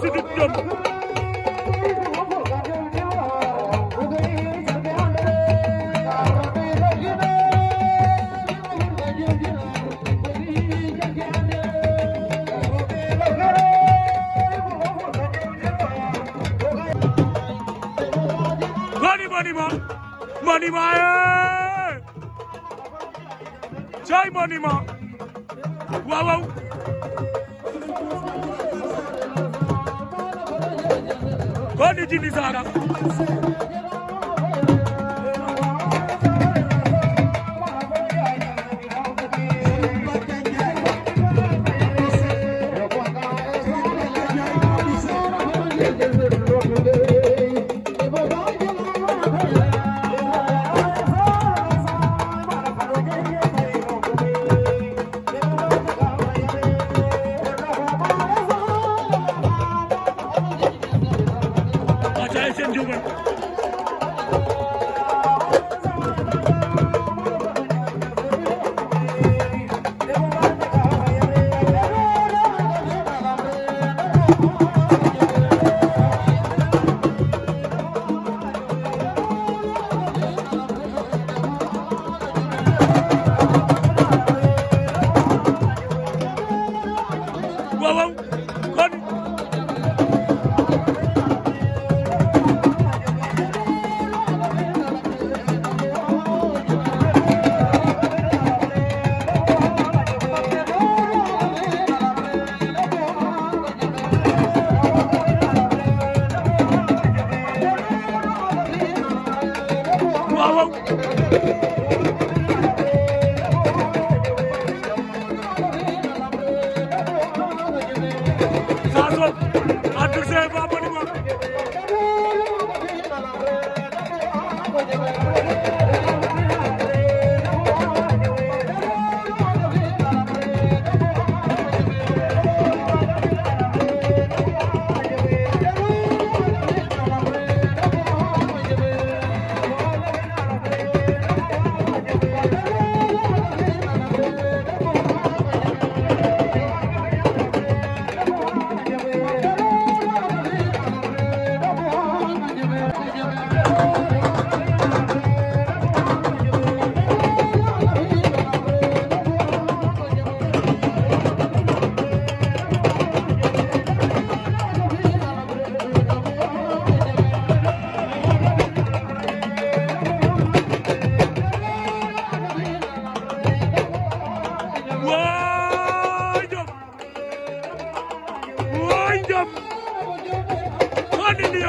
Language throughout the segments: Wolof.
sidib jom Money, money, money, money, eh. money. Jai money, money. Wow, wow. wani jini sana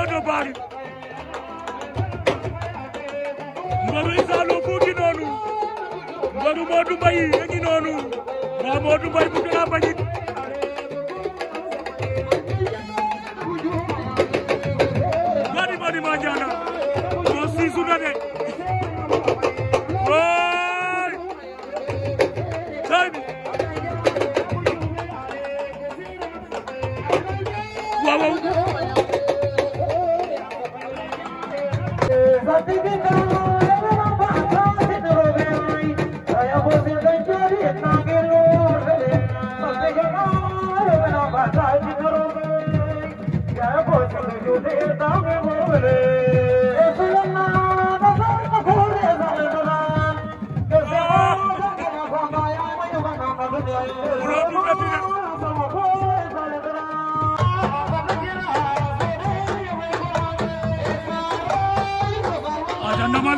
Fero do Bari Mbaru Issa Lofu ngi noonu Mbaru Modou Mbaye a ngi noonu Maa Modou Mbaye bu gën a bañit Madi Madi ma jaana moo siisu na de waay tay bi waaw waaw تنگے کروں اے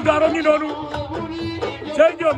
Daaro ngi noonu Cheikh Ndiol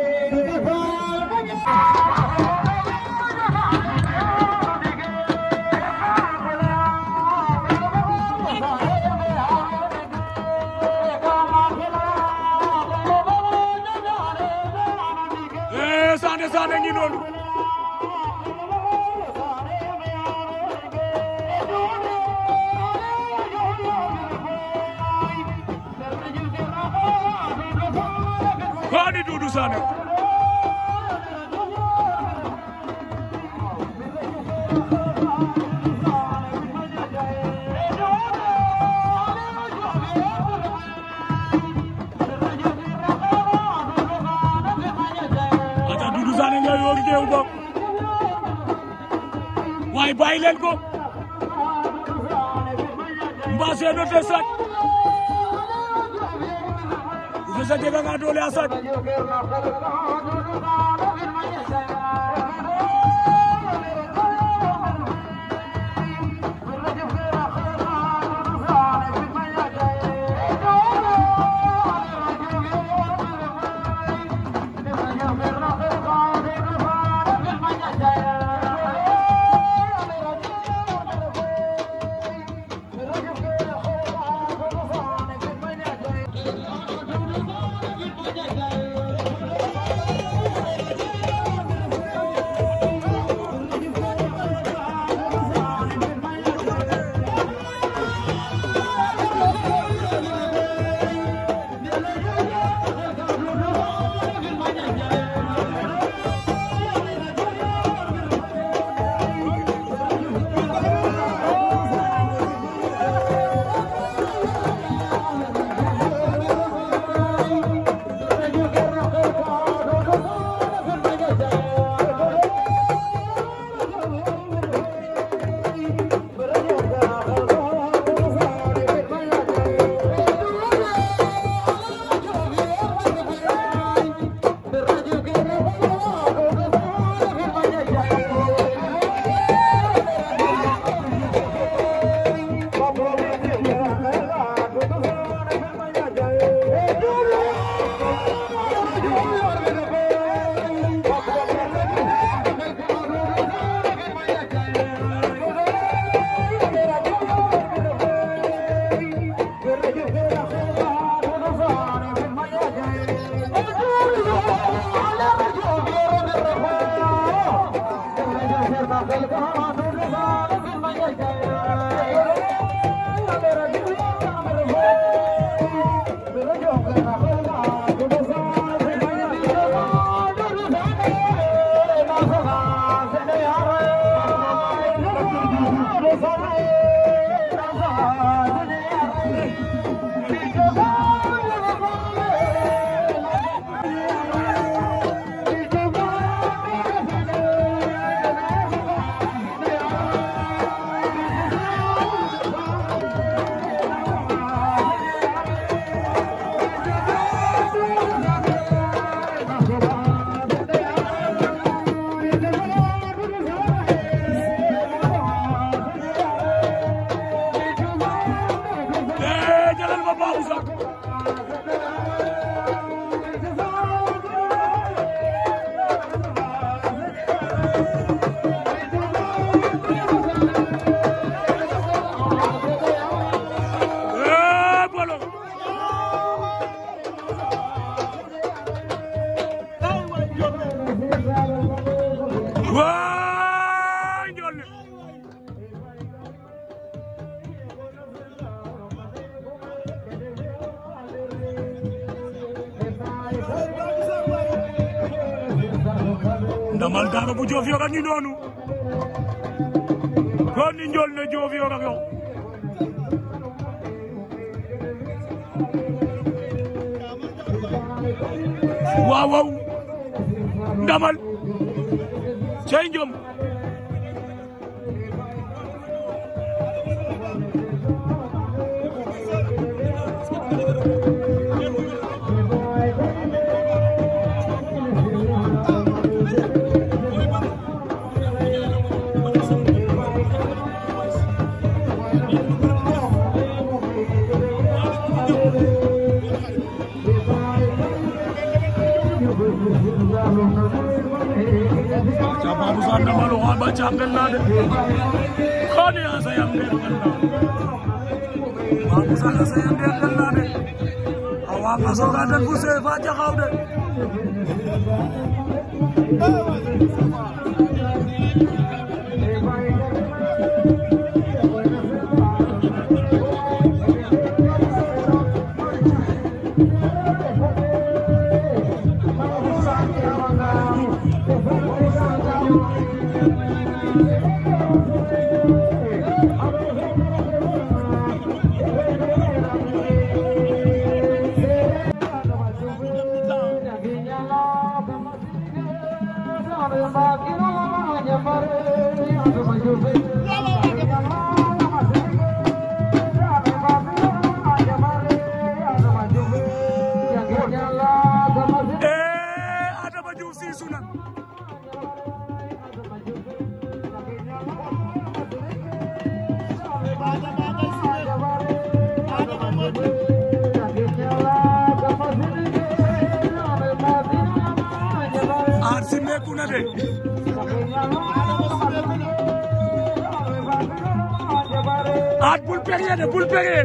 waaye bàyyi leen ko mbaasee no te sac u fesa jega nga doole a sac Gracias. ndamal daara bu joof yor a ngi noonu kon ni joof yor ak yow ndamal cey njom خاني يا سيام بير الله Thank you. sumeeku na de at bul péré de bul péré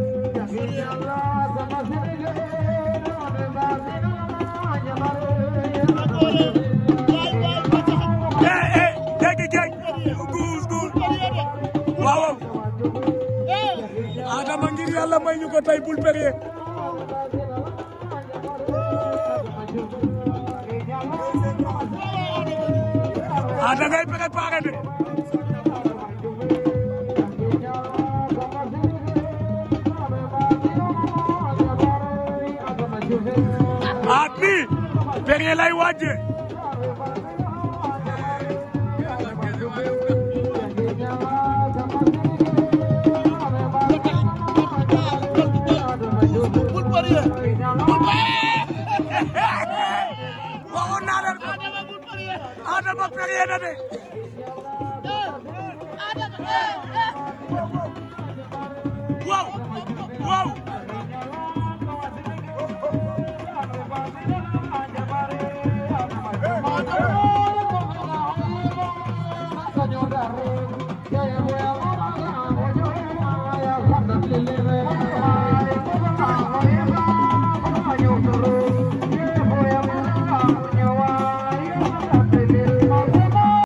waaw Adama ngir Yàlla may ñu ko tay bul péré ah da ngay préparé de. ah nii. lay wàjjee. Adama péré na de